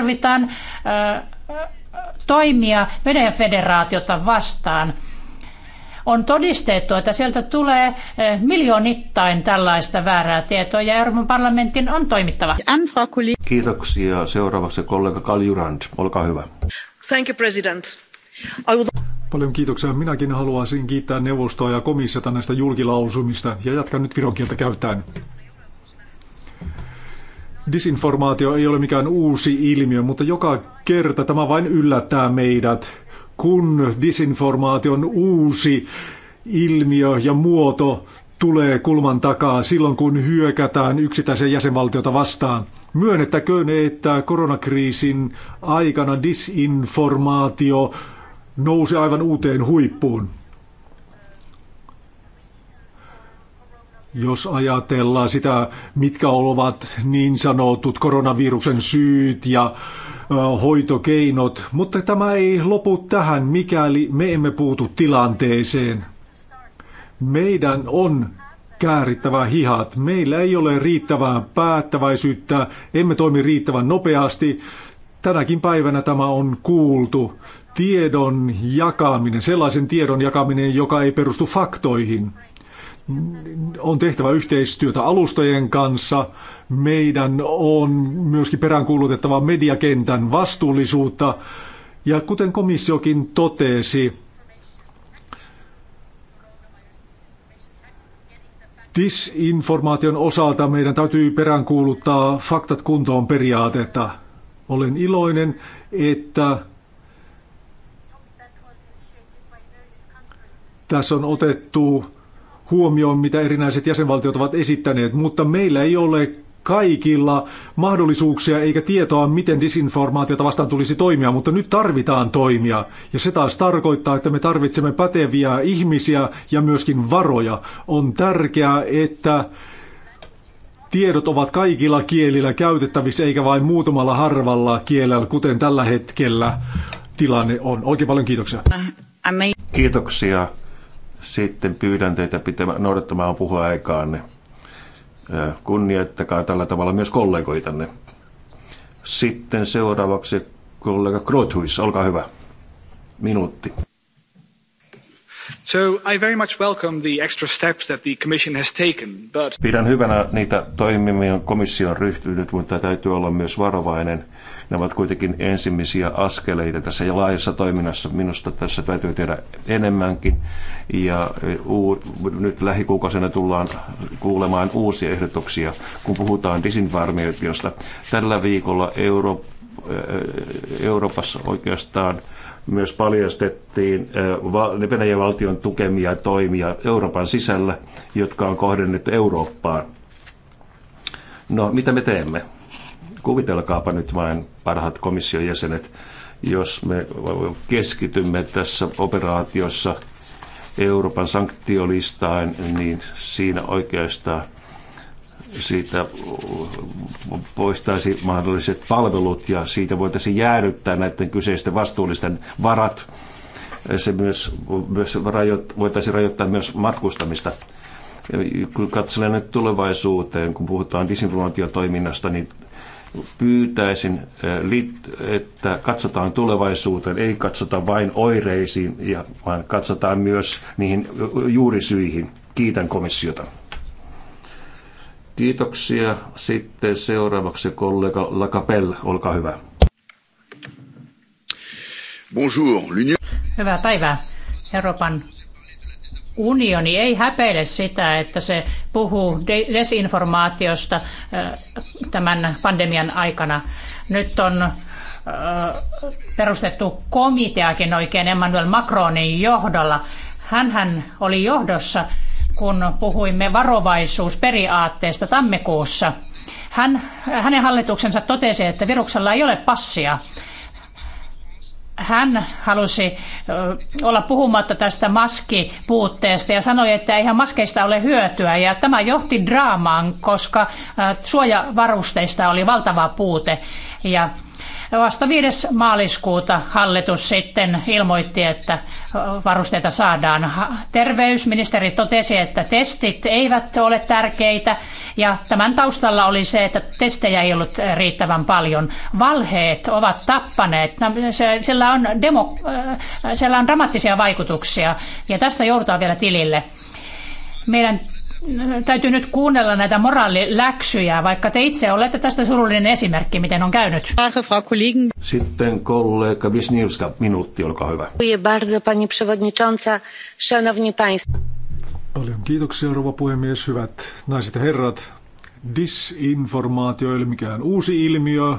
tarvitaan toimia Venäjän federaatiota vastaan. On todistettu, että sieltä tulee miljoonittain tällaista väärää tietoa ja Euroopan parlamentin on toimittava. Kiitoksia. Seuraavaksi kollega Kaljurand. Olkaa hyvä. Thank you, President. I would... Paljon kiitoksia. Minäkin haluaisin kiittää neuvostoa ja komissiota näistä julkilausumista ja jatkan nyt viron kieltä käyttäen. Disinformaatio ei ole mikään uusi ilmiö, mutta joka kerta tämä vain yllättää meidät, kun disinformaation uusi ilmiö ja muoto tulee kulman takaa silloin, kun hyökätään yksittäisen jäsenvaltiota vastaan. Myönnettäköön, että koronakriisin aikana disinformaatio nousi aivan uuteen huippuun. Jos ajatellaan sitä, mitkä ovat niin sanotut koronaviruksen syyt ja hoitokeinot, mutta tämä ei lopu tähän, mikäli me emme puutu tilanteeseen. Meidän on käärittävä hihat. Meillä ei ole riittävää päättäväisyyttä, emme toimi riittävän nopeasti. Tänäkin päivänä tämä on kuultu. Tiedon jakaminen, sellaisen tiedon jakaminen, joka ei perustu faktoihin on tehtävä yhteistyötä alustojen kanssa. Meidän on myöskin peräänkuulutettava mediakentän vastuullisuutta. Ja kuten komissiokin totesi, disinformaation osalta meidän täytyy peräänkuuluttaa faktat kuntoon periaatetta. Olen iloinen, että tässä on otettu huomioon, mitä erinäiset jäsenvaltiot ovat esittäneet, mutta meillä ei ole kaikilla mahdollisuuksia eikä tietoa, miten disinformaatiota vastaan tulisi toimia, mutta nyt tarvitaan toimia. Ja se taas tarkoittaa, että me tarvitsemme päteviä ihmisiä ja myöskin varoja. On tärkeää, että tiedot ovat kaikilla kielillä käytettävissä eikä vain muutamalla harvalla kielellä, kuten tällä hetkellä tilanne on. Oikein paljon kiitoksia. Kiitoksia sitten pyydän teitä pitämään, noudattamaan puheaikaanne. Kunnioittakaa tällä tavalla myös kollegoitanne. Sitten seuraavaksi kollega Grotuis, olkaa hyvä. Minuutti. So I very much welcome the extra steps that the commission has taken, but... Pidän hyvänä niitä toimimia, komission komissio on ryhtynyt, mutta täytyy olla myös varovainen ne ovat kuitenkin ensimmäisiä askeleita tässä laajassa toiminnassa. Minusta tässä täytyy tehdä enemmänkin. Ja e, uu, nyt lähikuukausina tullaan kuulemaan uusia ehdotuksia, kun puhutaan disinformaatiosta. Tällä viikolla Euro, e, e, Euroopassa oikeastaan myös paljastettiin Venäjän valtion tukemia toimia Euroopan sisällä, jotka on kohdennettu Eurooppaan. No, mitä me teemme? Kuvitelkaapa nyt vain, parhaat komission jäsenet, jos me keskitymme tässä operaatiossa Euroopan sanktiolistaan, niin siinä oikeastaan siitä poistaisi mahdolliset palvelut ja siitä voitaisiin jäädyttää näiden kyseisten vastuullisten varat. Se myös, myös rajoit, voitaisiin rajoittaa myös matkustamista. Kun katselen nyt tulevaisuuteen, kun puhutaan disinformaatiotoiminnasta, niin pyytäisin, että katsotaan tulevaisuuteen, ei katsota vain oireisiin, vaan katsotaan myös niihin juurisyihin. Kiitän komissiota. Kiitoksia. Sitten seuraavaksi kollega Lacapelle, olkaa hyvä. Bonjour. Hyvää päivää. Euroopan unioni ei häpeile sitä, että se puhuu desinformaatiosta tämän pandemian aikana. Nyt on perustettu komiteakin oikein Emmanuel Macronin johdolla. Hänhän oli johdossa, kun puhuimme varovaisuusperiaatteesta tammikuussa. Hän, hänen hallituksensa totesi, että viruksella ei ole passia hän halusi olla puhumatta tästä maskipuutteesta ja sanoi, että eihän maskeista ole hyötyä. Ja tämä johti draamaan, koska suojavarusteista oli valtava puute. Ja Vasta 5. maaliskuuta hallitus sitten ilmoitti, että varusteita saadaan. Terveysministeri totesi, että testit eivät ole tärkeitä ja tämän taustalla oli se, että testejä ei ollut riittävän paljon. Valheet ovat tappaneet. Sillä on, demo, äh, sillä on dramaattisia vaikutuksia ja tästä joudutaan vielä tilille. Meidän täytyy nyt kuunnella näitä moraaliläksyjä, vaikka te itse olette tästä surullinen esimerkki, miten on käynyt. Sitten kollega Wisniewska, minuutti, olkaa hyvä. Paljon kiitoksia, rouva puhemies, hyvät naiset ja herrat. Disinformaatio ei ole mikään uusi ilmiö.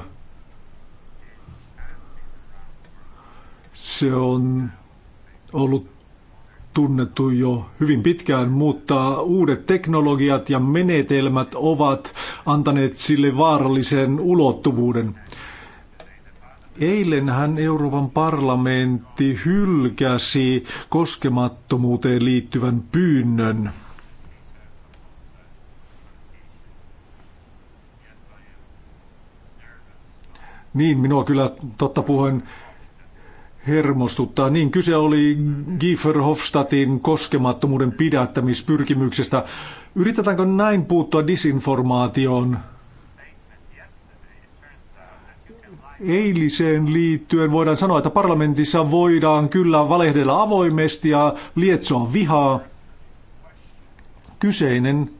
Se on ollut tunnettu jo hyvin pitkään, mutta uudet teknologiat ja menetelmät ovat antaneet sille vaarallisen ulottuvuuden. Eilen Hän Euroopan parlamentti hylkäsi koskemattomuuteen liittyvän pyynnön. Niin, minua kyllä totta puhuen hermostuttaa. Niin kyse oli Giefer Hofstadtin koskemattomuuden pidättämispyrkimyksestä. Yritetäänkö näin puuttua disinformaatioon? Eiliseen liittyen voidaan sanoa, että parlamentissa voidaan kyllä valehdella avoimesti ja lietsoa vihaa. Kyseinen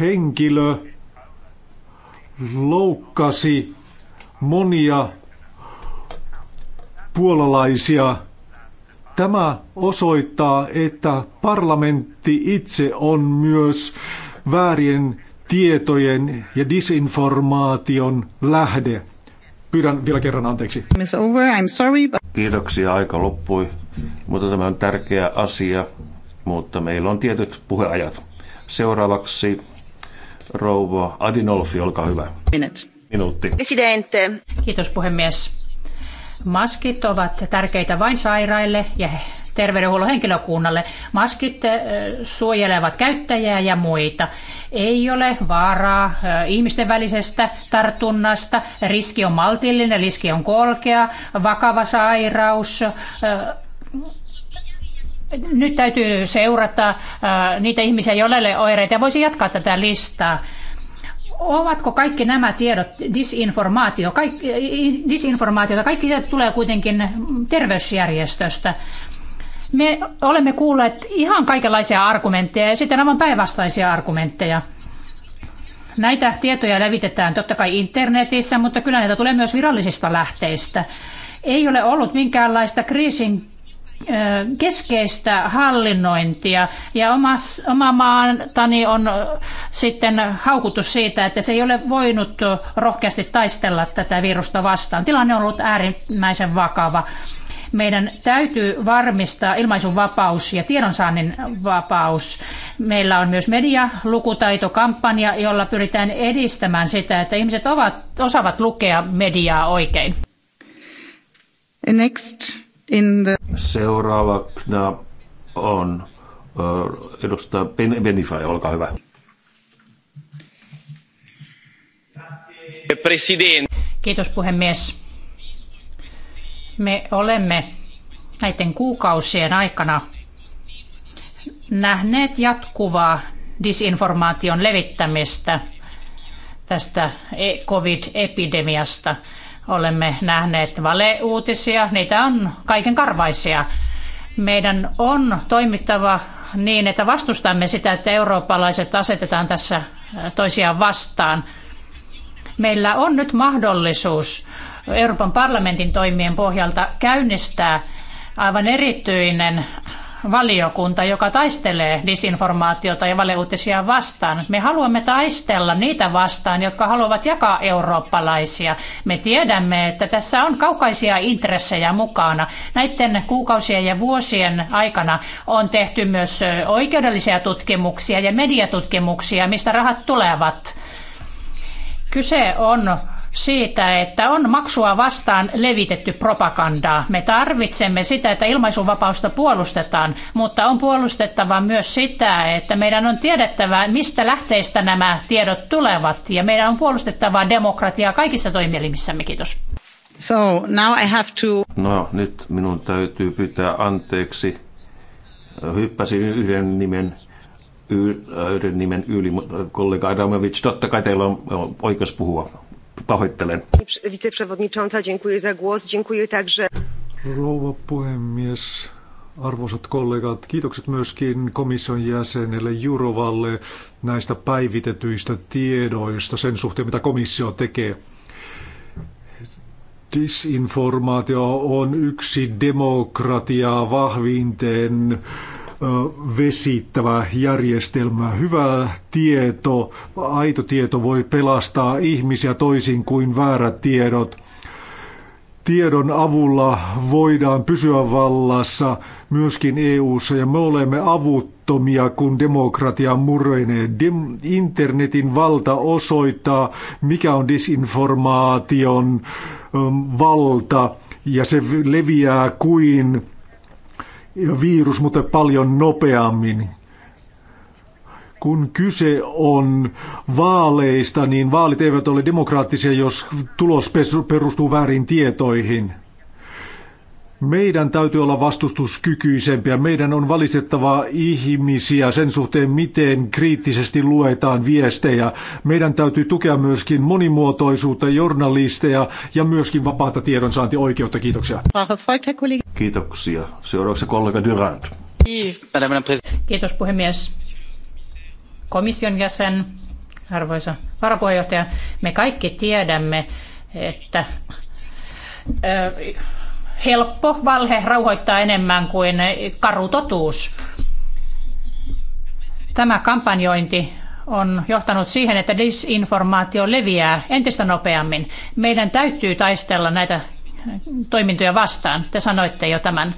henkilö loukkasi monia puolalaisia. Tämä osoittaa, että parlamentti itse on myös väärien tietojen ja disinformaation lähde. Pyydän vielä kerran anteeksi. Kiitoksia, aika loppui. Mutta tämä on tärkeä asia, mutta meillä on tietyt puheajat. Seuraavaksi Rouva Adinolfi, olkaa hyvä. Minut. Minuutti. Presidente. Kiitos puhemies. Maskit ovat tärkeitä vain sairaille ja terveydenhuollon henkilökunnalle. Maskit suojelevat käyttäjää ja muita. Ei ole vaaraa ihmisten välisestä tartunnasta. Riski on maltillinen, riski on kolkea, vakava sairaus nyt täytyy seurata äh, niitä ihmisiä, joilla ei ole oireita. Voisi jatkaa tätä listaa. Ovatko kaikki nämä tiedot disinformaatio? Kaikki, disinformaatiota? Kaikki tiedot tulee kuitenkin terveysjärjestöstä. Me olemme kuulleet ihan kaikenlaisia argumentteja ja sitten aivan päinvastaisia argumentteja. Näitä tietoja levitetään totta kai internetissä, mutta kyllä näitä tulee myös virallisista lähteistä. Ei ole ollut minkäänlaista kriisin keskeistä hallinnointia ja omas, oma maantani on sitten haukuttu siitä, että se ei ole voinut rohkeasti taistella tätä virusta vastaan. Tilanne on ollut äärimmäisen vakava. Meidän täytyy varmistaa ilmaisun vapaus ja tiedonsaannin vapaus. Meillä on myös media, lukutaitokampanja, jolla pyritään edistämään sitä, että ihmiset ovat, osaavat lukea mediaa oikein. Next In the... Seuraavana on edustaja Benifai, olkaa hyvä. Kiitos puhemies. Me olemme näiden kuukausien aikana nähneet jatkuvaa disinformaation levittämistä tästä e-, COVID-epidemiasta – Olemme nähneet valeuutisia, niitä on kaiken karvaisia. Meidän on toimittava niin, että vastustamme sitä, että eurooppalaiset asetetaan tässä äh, toisiaan vastaan. Meillä on nyt mahdollisuus Euroopan parlamentin toimien pohjalta käynnistää aivan erityinen valiokunta, joka taistelee disinformaatiota ja valeuutisia vastaan. Me haluamme taistella niitä vastaan, jotka haluavat jakaa eurooppalaisia. Me tiedämme, että tässä on kaukaisia intressejä mukana. Näiden kuukausien ja vuosien aikana on tehty myös oikeudellisia tutkimuksia ja mediatutkimuksia, mistä rahat tulevat. Kyse on siitä, että on maksua vastaan levitetty propagandaa. Me tarvitsemme sitä, että ilmaisuvapausta puolustetaan, mutta on puolustettava myös sitä, että meidän on tiedettävä, mistä lähteistä nämä tiedot tulevat, ja meidän on puolustettava demokratiaa kaikissa toimielimissämme. Kiitos. So, now I have to... No, nyt minun täytyy pyytää anteeksi. Hyppäsin yhden nimen yhden nimen yli, kollega Adamovic, totta kai teillä on oikeus puhua. Pahoittelen. Viceprzewodnicząca, dziękuję za głos. Dziękuję także. Rouva puhemies, arvoisat kollegat, kiitokset myöskin komission jäsenelle Jurovalle näistä päivitetyistä tiedoista sen suhteen, mitä komissio tekee. Disinformaatio on yksi demokratiaa vahvinten vesittävä järjestelmä. Hyvä tieto, aito tieto voi pelastaa ihmisiä toisin kuin väärät tiedot. Tiedon avulla voidaan pysyä vallassa myöskin EU:ssa ja me olemme avuttomia, kun demokratia murenee. Dem- internetin valta osoittaa, mikä on disinformaation valta ja se leviää kuin virus, mutta paljon nopeammin. Kun kyse on vaaleista, niin vaalit eivät ole demokraattisia, jos tulos perustuu väärin tietoihin. Meidän täytyy olla vastustuskykyisempiä. Meidän on valistettava ihmisiä sen suhteen, miten kriittisesti luetaan viestejä. Meidän täytyy tukea myöskin monimuotoisuutta, journalisteja ja myöskin vapaata tiedonsaantioikeutta. Kiitoksia. Kiitoksia. Seuraavaksi kollega Durant. Kiitos puhemies. Komission jäsen, arvoisa varapuheenjohtaja, me kaikki tiedämme, että helppo valhe rauhoittaa enemmän kuin karu totuus. Tämä kampanjointi on johtanut siihen, että disinformaatio leviää entistä nopeammin. Meidän täytyy taistella näitä toimintoja vastaan. Te sanoitte jo tämän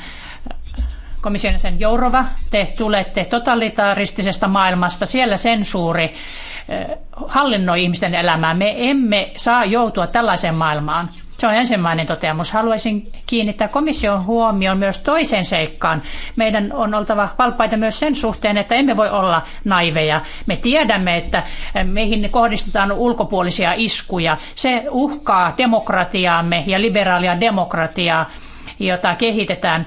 komission sen Jourova, te tulette totalitaristisesta maailmasta, siellä sensuuri eh, hallinnoi ihmisten elämää. Me emme saa joutua tällaiseen maailmaan. Se on ensimmäinen toteamus. Haluaisin kiinnittää komission huomioon myös toiseen seikkaan. Meidän on oltava valppaita myös sen suhteen, että emme voi olla naiveja. Me tiedämme, että eh, meihin kohdistetaan ulkopuolisia iskuja. Se uhkaa demokratiaamme ja liberaalia demokratiaa, jota kehitetään.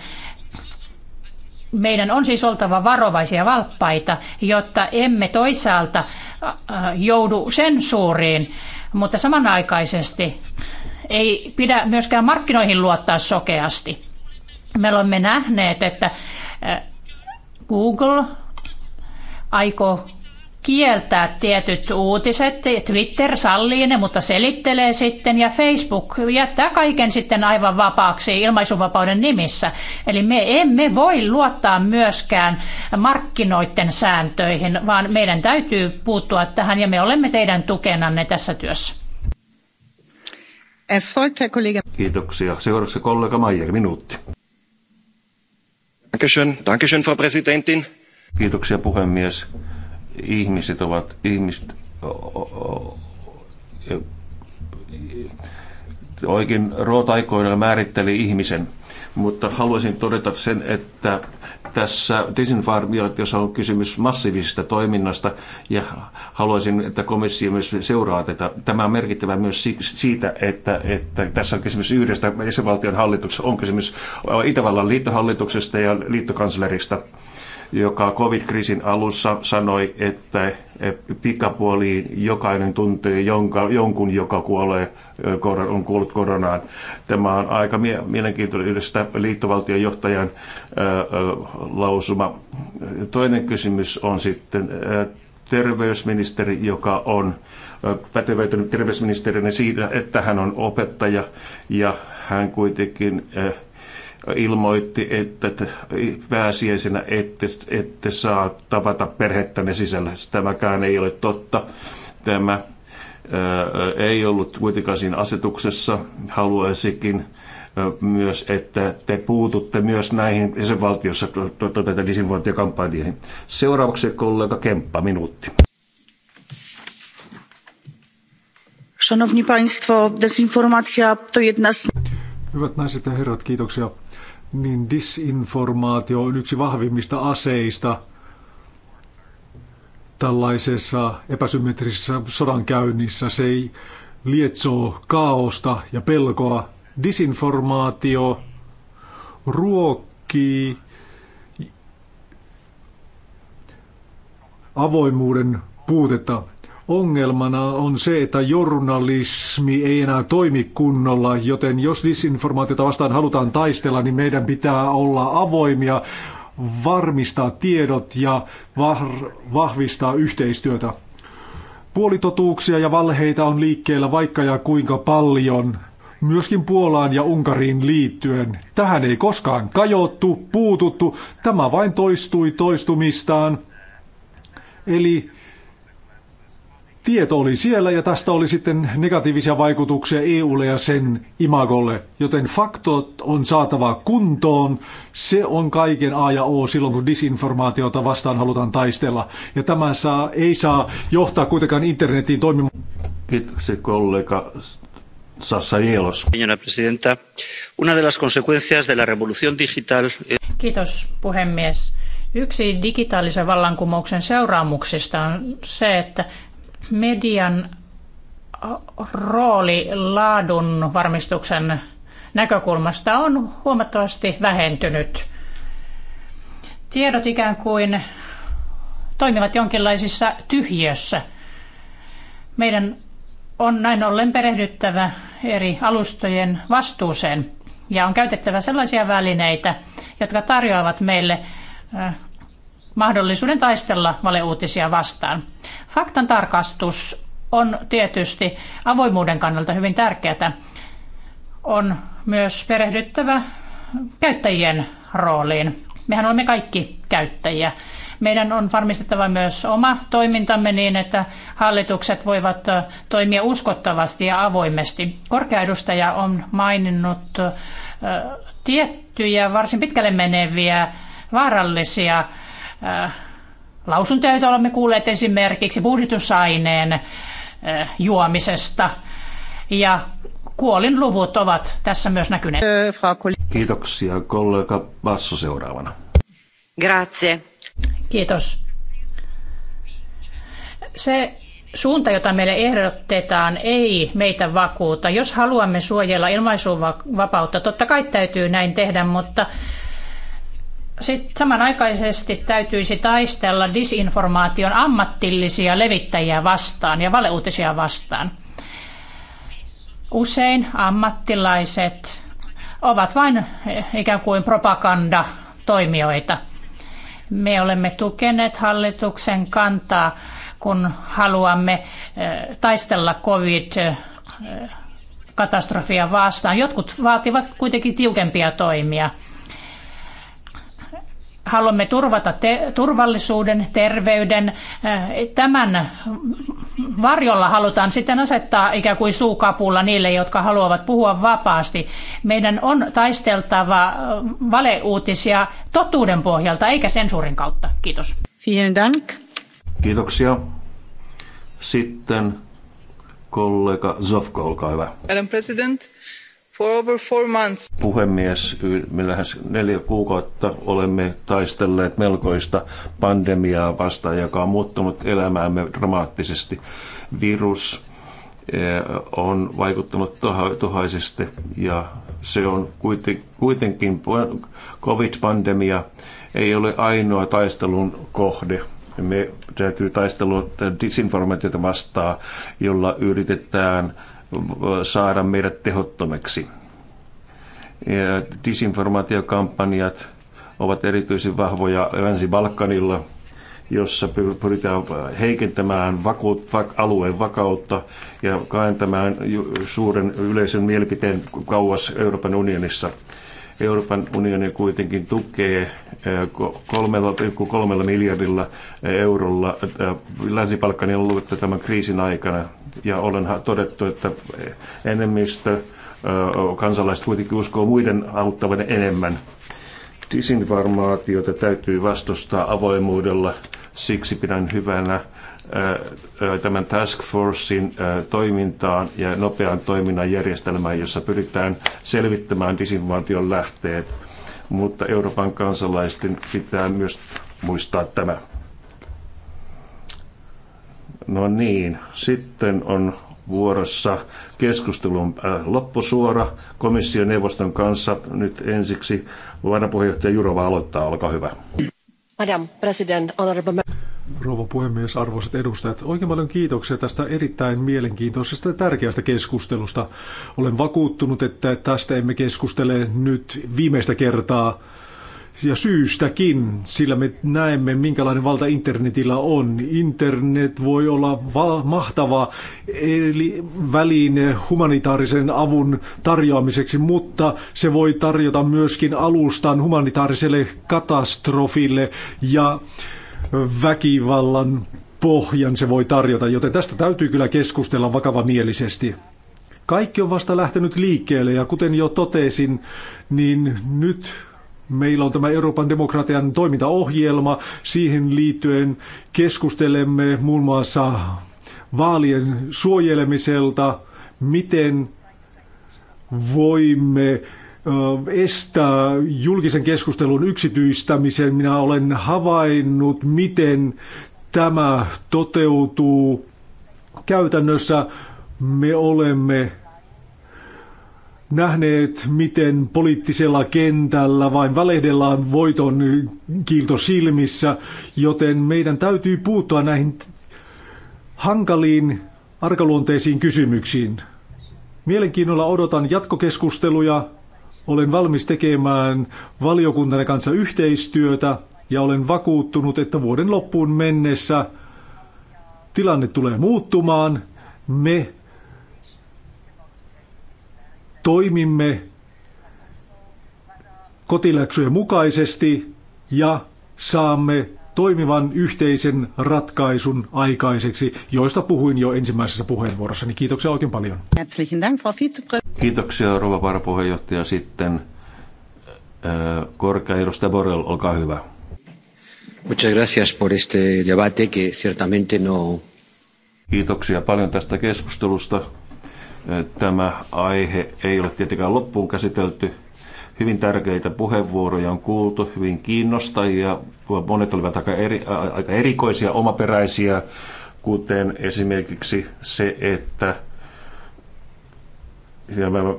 Meidän on siis oltava varovaisia valppaita, jotta emme toisaalta eh, joudu sensuuriin, mutta samanaikaisesti ei pidä myöskään markkinoihin luottaa sokeasti. Me olemme nähneet, että Google aikoo kieltää tietyt uutiset, Twitter sallii ne, mutta selittelee sitten, ja Facebook jättää kaiken sitten aivan vapaaksi ilmaisuvapauden nimissä. Eli me emme voi luottaa myöskään markkinoiden sääntöihin, vaan meidän täytyy puuttua tähän, ja me olemme teidän tukenanne tässä työssä. Es folgt, Herr Kollege. Kiitoksia. Seuraavaksi kollega Maier, minuutti. Dankeschön, Dankeschön, Frau Präsidentin. Kiitoksia puhemies. Ihmiset ovat, ihmiset oikein Root aikoinaan määritteli ihmisen, mutta haluaisin todeta sen, että tässä disinformaatiossa on kysymys massiivisesta toiminnasta ja haluaisin, että komissio myös seuraa tätä. Tämä on merkittävä myös siitä, että, että tässä on kysymys yhdestä jäsenvaltion hallituksesta, on kysymys Itävallan liittohallituksesta ja liittokanslerista joka covid-kriisin alussa sanoi, että pikapuoliin jokainen tuntee jonka, jonkun, joka kuolee, on kuollut koronaan. Tämä on aika mielenkiintoinen yhdestä liittovaltion johtajan lausuma. Toinen kysymys on sitten terveysministeri, joka on pätevöitynyt terveysministerinä siinä, että hän on opettaja ja hän kuitenkin äh, ilmoitti, että pääsiäisenä ette, ette saa tavata perhettänne sisällä. Tämäkään ei ole totta. Tämä ää, ei ollut kuitenkaan siinä asetuksessa. Haluaisikin myös, että te puututte myös näihin jäsenvaltiossa tätä disinformaatiokampanjoihin. Seuraavaksi kollega Kemppa, minuutti. Szanowni Państwo, dezinformacja to jedna z... Hyvät naiset ja herrat, kiitoksia niin disinformaatio on yksi vahvimmista aseista tällaisessa epäsymmetrisessä sodankäynnissä. Se ei lietsoo kaaosta ja pelkoa. Disinformaatio ruokkii avoimuuden puutetta. Ongelmana on se, että journalismi ei enää toimi kunnolla, joten jos disinformaatiota vastaan halutaan taistella, niin meidän pitää olla avoimia, varmistaa tiedot ja vahvistaa yhteistyötä. Puolitotuuksia ja valheita on liikkeellä vaikka ja kuinka paljon, myöskin Puolaan ja Unkariin liittyen. Tähän ei koskaan kajottu, puututtu, tämä vain toistui toistumistaan. Eli tieto oli siellä ja tästä oli sitten negatiivisia vaikutuksia EUlle ja sen imagolle. Joten faktot on saatava kuntoon. Se on kaiken A ja O silloin, kun disinformaatiota vastaan halutaan taistella. Ja tämä saa, ei saa johtaa kuitenkaan internetin toimimaan. Kiitoksia kollega Sassa Hielos. una de las consecuencias de la revolución digital... Kiitos puhemies. Yksi digitaalisen vallankumouksen seuraamuksista on se, että median rooli laadun varmistuksen näkökulmasta on huomattavasti vähentynyt. Tiedot ikään kuin toimivat jonkinlaisissa tyhjiössä. Meidän on näin ollen perehdyttävä eri alustojen vastuuseen ja on käytettävä sellaisia välineitä, jotka tarjoavat meille äh, mahdollisuuden taistella valeuutisia vastaan. Faktan tarkastus on tietysti avoimuuden kannalta hyvin tärkeää. On myös perehdyttävä käyttäjien rooliin. Mehän olemme kaikki käyttäjiä. Meidän on varmistettava myös oma toimintamme niin, että hallitukset voivat toimia uskottavasti ja avoimesti. Korkea edustaja on maininnut tiettyjä varsin pitkälle meneviä vaarallisia Äh, lausuntoja, joita olemme kuulleet esimerkiksi puhdistusaineen äh, juomisesta. Ja kuolinluvut ovat tässä myös näkyneet. Äh, Kiitoksia kollega Basso seuraavana. Grazie. Kiitos. Se suunta, jota meille ehdotetaan, ei meitä vakuuta. Jos haluamme suojella ilmaisuvapautta, totta kai täytyy näin tehdä, mutta sitten samanaikaisesti täytyisi taistella disinformaation ammattillisia levittäjiä vastaan ja valeuutisia vastaan. Usein ammattilaiset ovat vain ikään kuin propagandatoimijoita. Me olemme tukeneet hallituksen kantaa, kun haluamme eh, taistella covid-katastrofia vastaan. Jotkut vaativat kuitenkin tiukempia toimia – haluamme turvata te- turvallisuuden, terveyden. Eh, tämän varjolla halutaan sitten asettaa ikään kuin suukapulla niille, jotka haluavat puhua vapaasti. Meidän on taisteltava eh, valeuutisia totuuden pohjalta eikä sensuurin kautta. Kiitos. Vielen dank. Kiitoksia. Sitten kollega Zofko, olkaa hyvä. Madam President, For over four months. Puhemies, lähes neljä kuukautta olemme taistelleet melkoista pandemiaa vastaan, joka on muuttunut elämäämme dramaattisesti. Virus eh, on vaikuttanut tuhaisesti ja se on kuitenkin COVID-pandemia ei ole ainoa taistelun kohde. Me täytyy taistella disinformaatiota vastaan, jolla yritetään saada meidät tehottomiksi. Disinformaatiokampanjat ovat erityisen vahvoja Länsi-Balkanilla, jossa pyritään heikentämään vakuut, alueen vakautta ja kaentamaan suuren yleisön mielipiteen kauas Euroopan unionissa. Euroopan unioni kuitenkin tukee 3,3 miljardilla eurolla Länsi-Balkanin aluetta tämän kriisin aikana. Ja olen todettu, että enemmistö kansalaiset kuitenkin uskoo muiden auttavan enemmän. Disinformaatiota täytyy vastustaa avoimuudella. Siksi pidän hyvänä tämän Task Forcein toimintaan ja nopean toiminnan järjestelmään, jossa pyritään selvittämään disinformaation lähteet. Mutta Euroopan kansalaisten pitää myös muistaa tämä. No niin, sitten on vuorossa keskustelun loppusuora komission neuvoston kanssa. Nyt ensiksi varapuheenjohtaja Jurova aloittaa, olkaa hyvä. Madam President, honorable rouva puhemies, arvoisat edustajat. Oikein paljon kiitoksia tästä erittäin mielenkiintoisesta ja tärkeästä keskustelusta. Olen vakuuttunut, että tästä emme keskustele nyt viimeistä kertaa ja syystäkin, sillä me näemme, minkälainen valta internetillä on. Internet voi olla va- mahtava eli väline humanitaarisen avun tarjoamiseksi, mutta se voi tarjota myöskin alustan humanitaariselle katastrofille ja äh, väkivallan pohjan se voi tarjota, joten tästä täytyy kyllä keskustella vakavamielisesti. Kaikki on vasta lähtenyt liikkeelle ja kuten jo totesin, niin nyt meillä on tämä Euroopan demokratian toimintaohjelma. Siihen liittyen keskustelemme muun muassa vaalien suojelemiselta, miten voimme estää julkisen keskustelun yksityistämisen. Minä olen havainnut, miten tämä toteutuu käytännössä. Me olemme nähneet, miten poliittisella kentällä vain valehdellaan voiton kiilto silmissä, joten meidän täytyy puuttua näihin hankaliin arkaluonteisiin kysymyksiin. Mielenkiinnolla odotan jatkokeskusteluja olen valmis tekemään valiokuntana kanssa yhteistyötä ja olen vakuuttunut, että vuoden loppuun mennessä tilanne tulee muuttumaan. Me toimimme kotiläksyjen mukaisesti ja saamme toimivan yhteisen ratkaisun aikaiseksi, joista puhuin jo ensimmäisessä puheenvuorossani. Kiitoksia oikein paljon. Kiitoksia, rouva varapuheenjohtaja. Sitten äh, korkea edustaja Borrell, olkaa hyvä. Muchas gracias por este debate que ciertamente no... Kiitoksia paljon tästä keskustelusta. Äh, tämä aihe ei ole tietenkään loppuun käsitelty, Hyvin tärkeitä puheenvuoroja on kuultu, hyvin kiinnostajia, Monet olivat aika, eri, aika erikoisia, omaperäisiä, kuten esimerkiksi se, että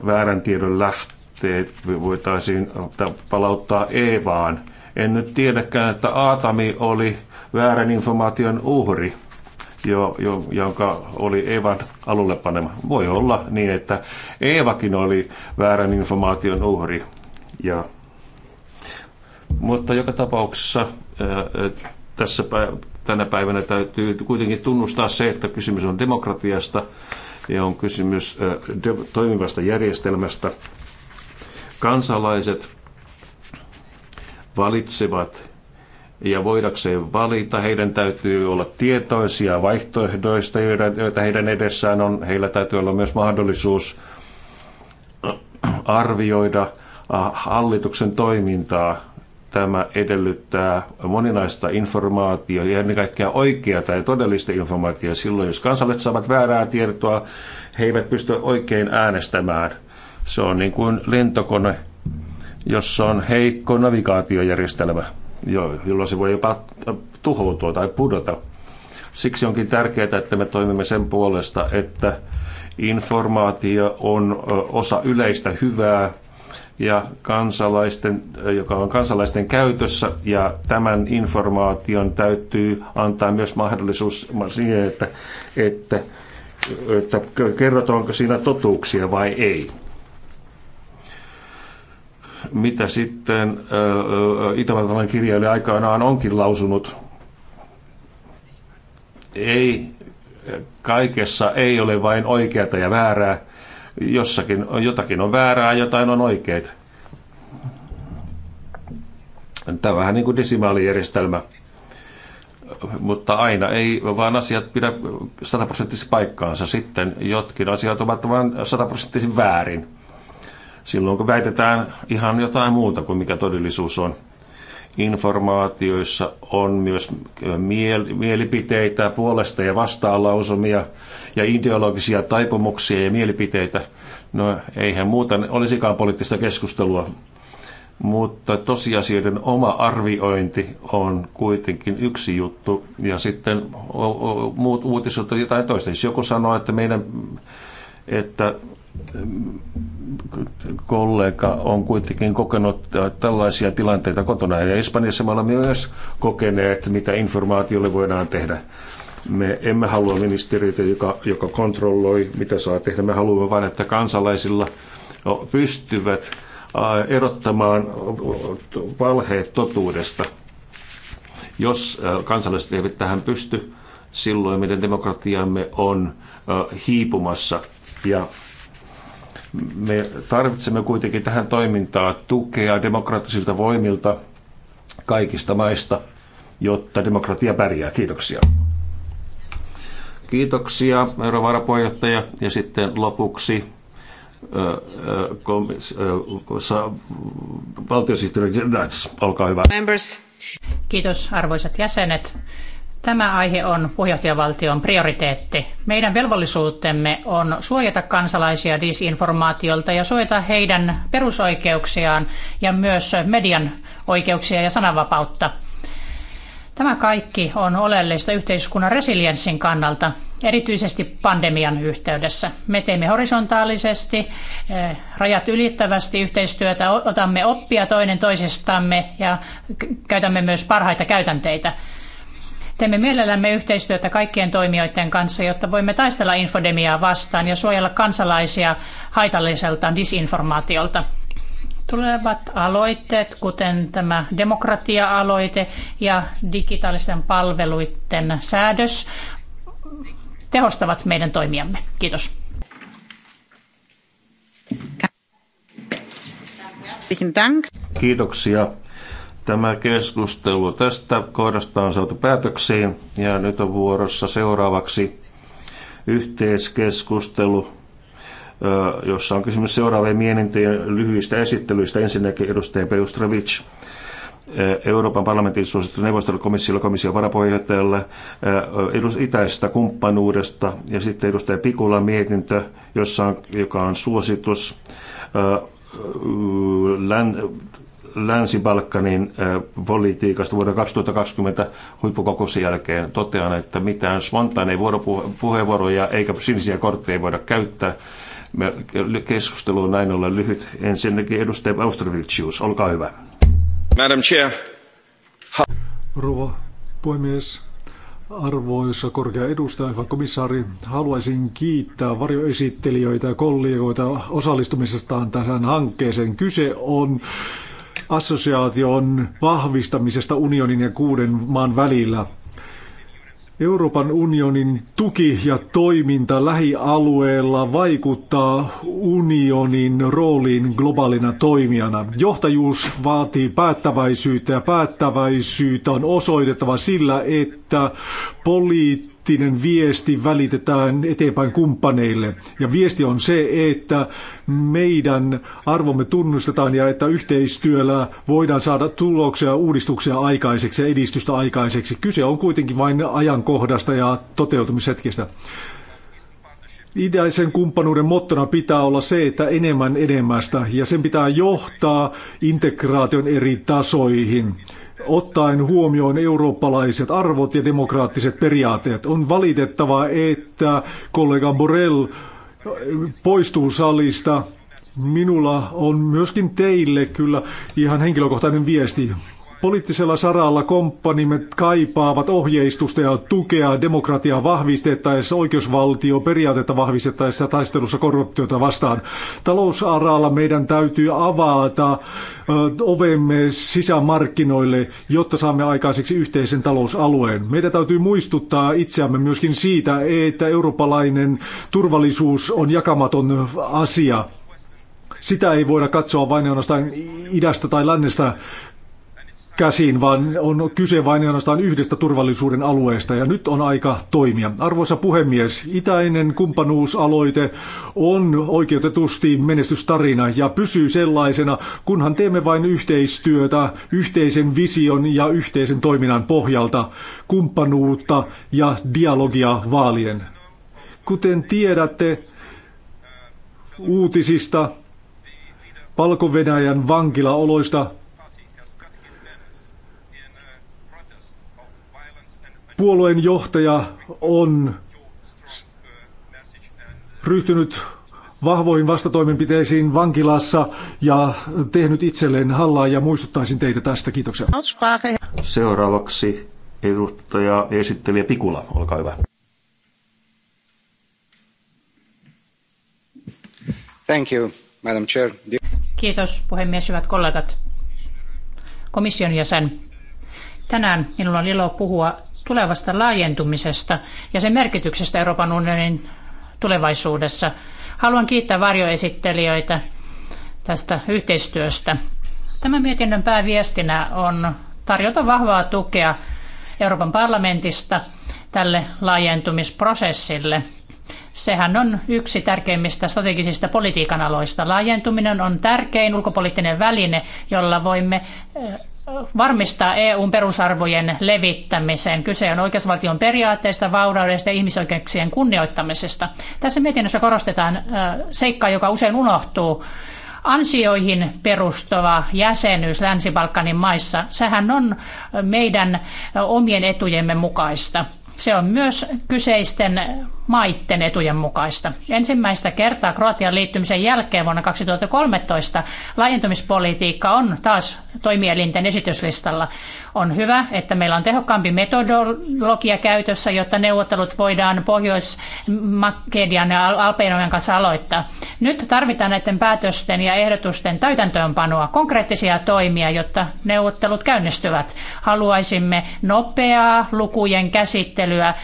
väärän tiedon lähteet voitaisiin palauttaa Eevaan. En nyt tiedäkään, että Aatami oli väärän informaation uhri jo, jo, jonka oli Eevan alulle panema. Voi olla niin, että Eevakin oli väärän informaation uhri. Ja, mutta joka tapauksessa tässä tänä päivänä täytyy kuitenkin tunnustaa se, että kysymys on demokratiasta ja on kysymys toimivasta järjestelmästä. Kansalaiset valitsevat ja voidakseen valita, heidän täytyy olla tietoisia vaihtoehdoista, joita heidän edessään on. Heillä täytyy olla myös mahdollisuus arvioida Äh, hallituksen toimintaa. Tämä edellyttää moninaista informaatiota ja ennen kaikkea oikeaa tai todellista informaatiota. Silloin, jos kansalaiset saavat väärää tietoa, he eivät pysty oikein äänestämään. Se on niin kuin lentokone, jossa on heikko navigaatiojärjestelmä, jolloin se voi jopa äh, tuhoutua tai pudota. Siksi onkin tärkeää, että me toimimme sen puolesta, että informaatio on osa yleistä hyvää ja kansalaisten, joka on kansalaisten käytössä, ja tämän informaation täytyy antaa myös mahdollisuus siihen, että, että, että kerrotaanko siinä totuuksia vai ei. Mitä sitten itävaltalainen kirjailija aikanaan onkin lausunut? Ei, kaikessa ei ole vain oikeata ja väärää, jossakin jotakin on väärää, jotain on oikeita. Tämä on vähän niin kuin desimaalijärjestelmä, mutta aina ei vaan asiat pidä sataprosenttisesti paikkaansa. Sitten jotkin asiat ovat vain sataprosenttisesti väärin. Silloin kun väitetään ihan jotain muuta kuin mikä todellisuus on informaatioissa on myös miel- mielipiteitä, puolesta ja vastaan lausumia ja ideologisia taipumuksia ja mielipiteitä. No eihän muuta olisikaan poliittista keskustelua, mutta tosiasioiden oma arviointi on kuitenkin yksi juttu ja sitten muut uutiset on jotain toista. Jos joku sanoo, että meidän että kollega on kuitenkin kokenut äh, tällaisia tilanteita kotona. Ja Espanjassa me olemme myös kokeneet, mitä informaatiolle voidaan tehdä. Me emme halua ministeriötä, joka, joka kontrolloi, mitä saa tehdä. Me haluamme vain, että kansalaisilla pystyvät äh, erottamaan äh, valheet totuudesta. Jos kansalaiset eivät tähän pysty, silloin meidän demokratiamme on hiipumassa ja me tarvitsemme kuitenkin tähän toimintaan tukea demokraattisilta voimilta kaikista maista, jotta demokratia pärjää. Kiitoksia. Kiitoksia, eurovarapuheenjohtaja. Ja sitten lopuksi valtiosihteeri Nats, olkaa hyvä. Members. Kiitos arvoisat jäsenet. Tämä aihe on puheenjohtajavaltion prioriteetti. Meidän velvollisuutemme on suojata kansalaisia disinformaatiolta ja suojata heidän perusoikeuksiaan ja myös median oikeuksia ja sananvapautta. Tämä kaikki on oleellista yhteiskunnan resilienssin kannalta, erityisesti pandemian yhteydessä. Me teemme horisontaalisesti, eh, rajat ylittävästi yhteistyötä, otamme oppia toinen toisistamme ja käytämme myös parhaita käytänteitä. Teemme mielellämme yhteistyötä kaikkien toimijoiden kanssa, jotta voimme taistella infodemiaa vastaan ja suojella kansalaisia haitalliselta disinformaatiolta. Tulevat aloitteet, kuten tämä demokratia-aloite ja digitaalisten palveluiden säädös, tehostavat meidän toimiamme. Kiitos. Kiitoksia. Tämä keskustelu tästä kohdasta on saatu päätöksiin ja nyt on vuorossa seuraavaksi yhteiskeskustelu, jossa on kysymys seuraavien mietintöjen lyhyistä esittelyistä. Ensinnäkin edustaja Peustrovic. Euroopan parlamentin suosittu neuvostelukomissiolle, komission varapuheenjohtajalle, itäisestä kumppanuudesta ja sitten edustaja Pikula mietintö, jossa on, joka on suositus Länsi-Balkanin politiikasta vuoden 2020 huippukokouksen jälkeen totean, että mitään spontaaneja vuoropuheenvuoroja eikä sinisiä kortteja voida käyttää. keskustelu on näin ollen lyhyt. Ensinnäkin edustaja Austrovicius, olkaa hyvä. Madam Chair. Rouva puhemies, Arvoisa korkea edustaja, hyvä komissaari, haluaisin kiittää varjoesittelijöitä ja kollegoita osallistumisestaan tähän hankkeeseen. Kyse on assosiaation vahvistamisesta unionin ja kuuden maan välillä. Euroopan unionin tuki ja toiminta lähialueella vaikuttaa unionin rooliin globaalina toimijana. Johtajuus vaatii päättäväisyyttä ja päättäväisyyttä on osoitettava sillä, että poliittinen poliittinen viesti välitetään eteenpäin kumppaneille. Ja viesti on se, että meidän arvomme tunnustetaan ja että yhteistyöllä voidaan saada tuloksia, uudistuksia aikaiseksi ja edistystä aikaiseksi. Kyse on kuitenkin vain ajankohdasta ja toteutumishetkestä. Itäisen kumppanuuden mottona pitää olla se, että enemmän enemmästä, ja sen pitää johtaa integraation eri tasoihin ottaen huomioon eurooppalaiset arvot ja demokraattiset periaatteet. On valitettavaa, että kollega Borrell poistuu salista. Minulla on myöskin teille kyllä ihan henkilökohtainen viesti. Poliittisella saralla komppanimme kaipaavat ohjeistusta ja tukea demokratiaa vahvistettaessa, oikeusvaltioperiaatetta vahvistettaessa taistelussa korruptiota vastaan. Talousaralla meidän täytyy avata ovemme sisämarkkinoille, jotta saamme aikaiseksi yhteisen talousalueen. Meidän täytyy muistuttaa itseämme myöskin siitä, että eurooppalainen turvallisuus on jakamaton asia sitä ei voida katsoa vain ainoastaan idästä tai lännestä käsin, vaan on kyse vain ainoastaan yhdestä turvallisuuden alueesta ja nyt on aika toimia. Arvoisa puhemies, itäinen kumppanuusaloite on oikeutetusti menestystarina ja pysyy sellaisena, kunhan teemme vain yhteistyötä yhteisen vision ja yhteisen toiminnan pohjalta, kumppanuutta ja dialogia vaalien. Kuten tiedätte uutisista, Palko-Venäjän vankilaoloista puolueen johtaja on ryhtynyt vahvoihin vastatoimenpiteisiin vankilassa ja tehnyt itselleen hallaa ja muistuttaisin teitä tästä. Kiitoksia. Seuraavaksi edustaja esittelijä Pikula, olkaa hyvä. Thank you, Madam Chair. Kiitos puhemies, hyvät kollegat. Komission jäsen. Tänään minulla on ilo puhua tulevasta laajentumisesta ja sen merkityksestä Euroopan unionin tulevaisuudessa. Haluan kiittää varjoesittelijöitä tästä yhteistyöstä. Tämän mietinnön pääviestinä on tarjota vahvaa tukea Euroopan parlamentista tälle laajentumisprosessille. Sehän on yksi tärkeimmistä strategisista politiikan aloista. Laajentuminen on tärkein ulkopoliittinen väline, jolla voimme varmistaa EUn perusarvojen levittämisen. Kyse on oikeusvaltion periaatteista, vauraudesta ja ihmisoikeuksien kunnioittamisesta. Tässä mietinnössä korostetaan seikkaa, joka usein unohtuu. Ansioihin perustuva jäsenyys Länsi-Balkanin maissa, sehän on meidän omien etujemme mukaista. Se on myös kyseisten maitten etujen mukaista. Ensimmäistä kertaa Kroatian liittymisen jälkeen vuonna 2013 laajentumispolitiikka on taas toimielinten esityslistalla. On hyvä, että meillä on tehokkaampi metodologia käytössä, jotta neuvottelut voidaan Pohjois-Makedian ja Alpeinojen kanssa aloittaa. Nyt tarvitaan näiden päätösten ja ehdotusten täytäntöönpanoa, konkreettisia toimia, jotta neuvottelut käynnistyvät. Haluaisimme nopeaa lukujen käsittelyä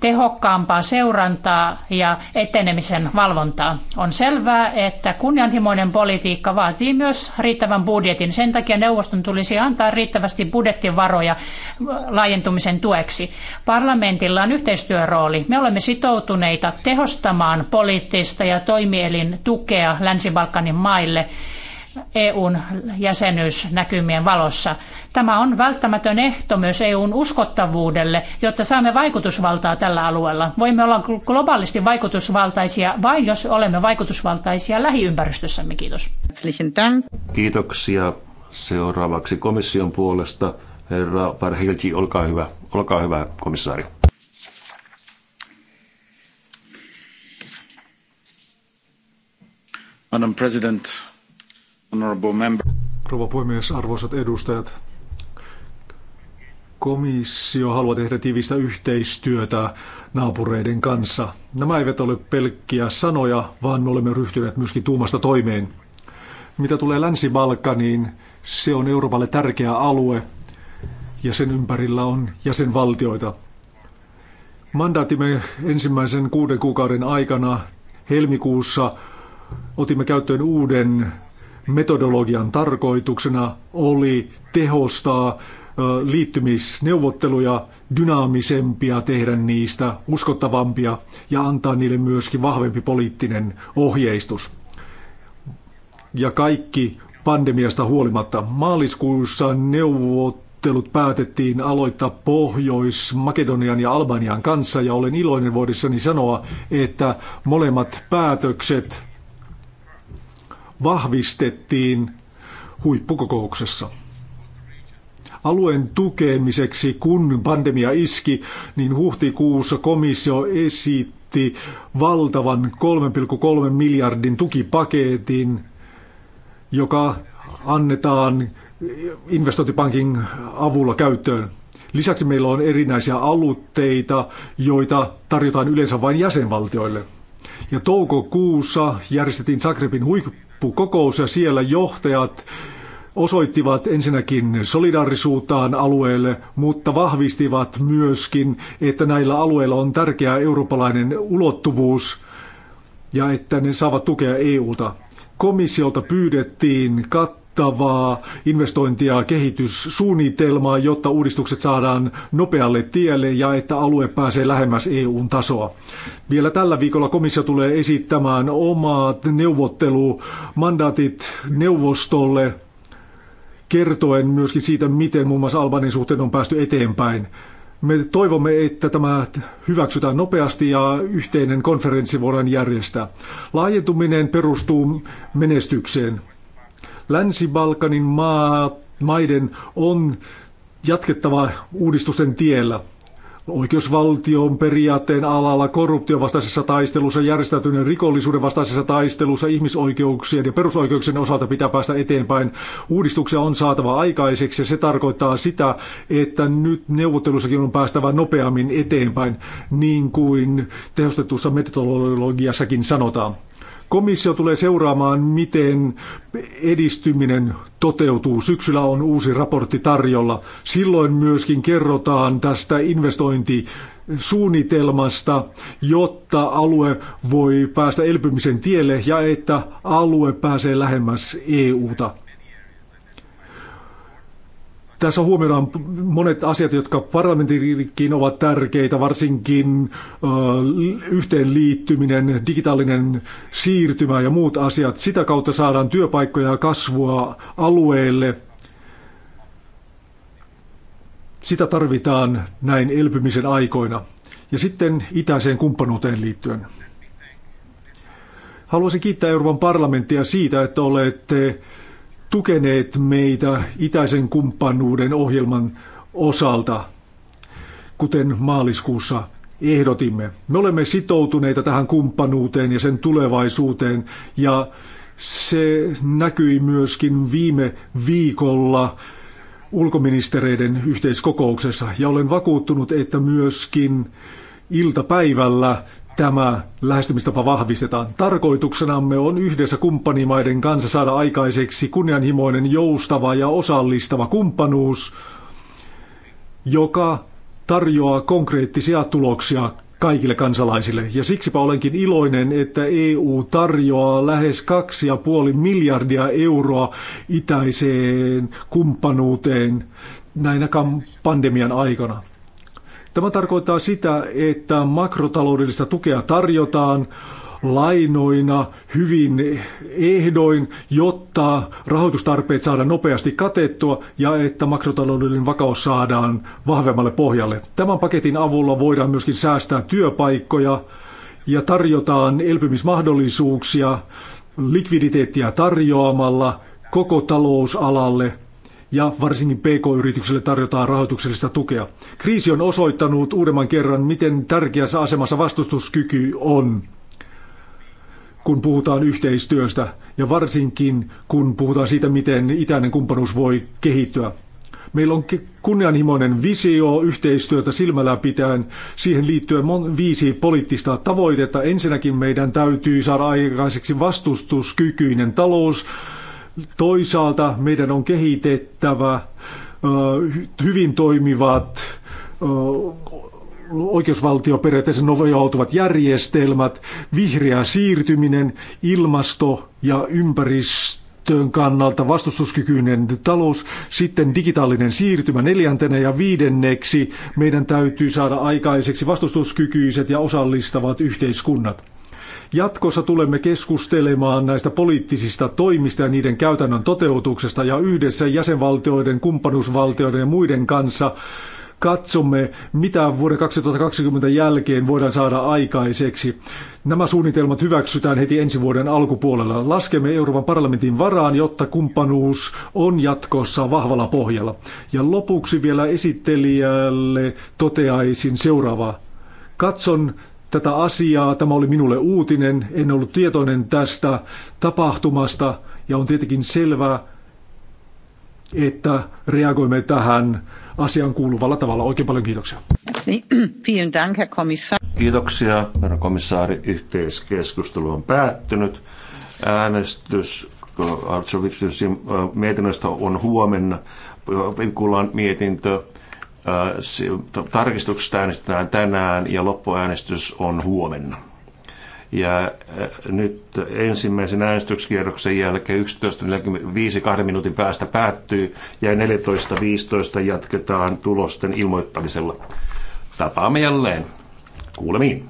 tehokkaampaa seurantaa ja etenemisen valvontaa. On selvää, että kunnianhimoinen politiikka vaatii myös riittävän budjetin. Sen takia neuvoston tulisi antaa riittävästi budjettivaroja laajentumisen tueksi. Parlamentilla on yhteistyörooli. Me olemme sitoutuneita tehostamaan poliittista ja toimielin tukea Länsi-Balkanin maille – EUn jäsenyysnäkymien valossa. Tämä on välttämätön ehto myös EUn uskottavuudelle, jotta saamme vaikutusvaltaa tällä alueella. Voimme olla globaalisti vaikutusvaltaisia vain, jos olemme vaikutusvaltaisia lähiympäristössämme. Kiitos. Kiitoksia. Seuraavaksi komission puolesta herra Parhelji, olkaa hyvä. Olkaa hyvä, komissaari. Madam President, Rouva puhemies, arvoisat edustajat. Komissio haluaa tehdä tiivistä yhteistyötä naapureiden kanssa. Nämä eivät ole pelkkiä sanoja, vaan me olemme ryhtyneet myöskin tuumasta toimeen. Mitä tulee Länsi-Balkaniin, se on Euroopalle tärkeä alue ja sen ympärillä on jäsenvaltioita. Mandaatimme ensimmäisen kuuden kuukauden aikana helmikuussa otimme käyttöön uuden Metodologian tarkoituksena oli tehostaa liittymisneuvotteluja dynaamisempia, tehdä niistä uskottavampia ja antaa niille myöskin vahvempi poliittinen ohjeistus. Ja kaikki pandemiasta huolimatta. Maaliskuussa neuvottelut päätettiin aloittaa Pohjois-Makedonian ja Albanian kanssa ja olen iloinen voidessani sanoa, että molemmat päätökset vahvistettiin huippukokouksessa. Alueen tukemiseksi, kun pandemia iski, niin huhtikuussa komissio esitti valtavan 3,3 miljardin tukipaketin, joka annetaan investointipankin avulla käyttöön. Lisäksi meillä on erinäisiä alutteita, joita tarjotaan yleensä vain jäsenvaltioille. Ja toukokuussa järjestettiin Zagrebin huippukokous ja siellä johtajat osoittivat ensinnäkin solidaarisuuttaan alueelle, mutta vahvistivat myöskin, että näillä alueilla on tärkeä eurooppalainen ulottuvuus ja että ne saavat tukea EUlta. Komissiolta pyydettiin kat- kattavaa investointi- ja kehityssuunnitelmaa, jotta uudistukset saadaan nopealle tielle ja että alue pääsee lähemmäs EUn tasoa. Vielä tällä viikolla komissio tulee esittämään omat neuvottelumandaatit neuvostolle kertoen myöskin siitä, miten muun muassa Albanin suhteen on päästy eteenpäin. Me toivomme, että tämä hyväksytään nopeasti ja yhteinen konferenssi voidaan järjestää. Laajentuminen perustuu menestykseen. Länsi-Balkanin maa, maiden on jatkettava uudistusten tiellä. Oikeusvaltion periaatteen alalla, korruptiovastaisessa taistelussa, järjestäytyneen rikollisuuden vastaisessa taistelussa, ihmisoikeuksien ja perusoikeuksien osalta pitää päästä eteenpäin. Uudistuksia on saatava aikaiseksi ja se tarkoittaa sitä, että nyt neuvottelussakin on päästävä nopeammin eteenpäin, niin kuin tehostetussa metodologiassakin sanotaan. Komissio tulee seuraamaan, miten edistyminen toteutuu. Syksyllä on uusi raportti tarjolla. Silloin myöskin kerrotaan tästä investointisuunnitelmasta, jotta alue voi päästä elpymisen tielle ja että alue pääsee lähemmäs EUta. Tässä huomioidaan monet asiat, jotka parlamentillekin ovat tärkeitä, varsinkin ö, yhteenliittyminen, digitaalinen siirtymä ja muut asiat. Sitä kautta saadaan työpaikkoja ja kasvua alueelle. Sitä tarvitaan näin elpymisen aikoina. Ja sitten itäiseen kumppanuuteen liittyen. Haluaisin kiittää Euroopan parlamenttia siitä, että olette tukeneet meitä itäisen kumppanuuden ohjelman osalta, kuten maaliskuussa ehdotimme. Me olemme sitoutuneita tähän kumppanuuteen ja sen tulevaisuuteen ja se näkyi myöskin viime viikolla ulkoministereiden yhteiskokouksessa ja olen vakuuttunut, että myöskin iltapäivällä tämä lähestymistapa vahvistetaan. Tarkoituksenamme on yhdessä kumppanimaiden kanssa saada aikaiseksi kunnianhimoinen, joustava ja osallistava kumppanuus, joka tarjoaa konkreettisia tuloksia kaikille kansalaisille. Ja siksipä olenkin iloinen, että EU tarjoaa lähes 2,5 miljardia euroa itäiseen kumppanuuteen näinä pandemian aikana. Tämä tarkoittaa sitä, että makrotaloudellista tukea tarjotaan lainoina hyvin ehdoin, jotta rahoitustarpeet saadaan nopeasti katettua ja että makrotaloudellinen vakaus saadaan vahvemmalle pohjalle. Tämän paketin avulla voidaan myöskin säästää työpaikkoja ja tarjotaan elpymismahdollisuuksia likviditeettiä tarjoamalla koko talousalalle – ja varsinkin PK-yrityksille tarjotaan rahoituksellista tukea. Kriisi on osoittanut uudemman kerran, miten tärkeässä asemassa vastustuskyky on kun puhutaan yhteistyöstä ja varsinkin kun puhutaan siitä, miten itäinen kumppanuus voi kehittyä. Meillä on kunnianhimoinen visio yhteistyötä silmällä pitäen. Siihen liittyen on viisi poliittista tavoitetta. Ensinnäkin meidän täytyy saada aikaiseksi vastustuskykyinen talous, Toisaalta meidän on kehitettävä hyvin toimivat oikeusvaltioperiaatteessa nojautuvat järjestelmät, vihreä siirtyminen, ilmasto ja ympäristö kannalta vastustuskykyinen talous, sitten digitaalinen siirtymä neljäntenä ja viidenneksi meidän täytyy saada aikaiseksi vastustuskykyiset ja osallistavat yhteiskunnat. Jatkossa tulemme keskustelemaan näistä poliittisista toimista ja niiden käytännön toteutuksesta ja yhdessä jäsenvaltioiden, kumppanuusvaltioiden ja muiden kanssa katsomme, mitä vuoden 2020 jälkeen voidaan saada aikaiseksi. Nämä suunnitelmat hyväksytään heti ensi vuoden alkupuolella. Laskemme Euroopan parlamentin varaan, jotta kumppanuus on jatkossa vahvalla pohjalla. Ja lopuksi vielä esittelijälle toteaisin seuraavaa. Katson tätä asiaa. Tämä oli minulle uutinen, en ollut tietoinen tästä tapahtumasta ja on tietenkin selvää, että reagoimme tähän asian kuuluvalla tavalla. Oikein paljon kiitoksia. Kiitoksia, herra komissaari. Yhteiskeskustelu on päättynyt. Äänestys äh, Artsovitin äh, mietinnöstä on huomenna. Äh, kuullaan mietintö tarkistukset äänestetään tänään ja loppuäänestys on huomenna. Ja nyt ensimmäisen äänestyskierroksen jälkeen 11.45 kahden minuutin päästä päättyy ja 14.15 jatketaan tulosten ilmoittamisella. Tapaamme jälleen. Kuulemiin.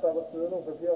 sahabat sebelum bagi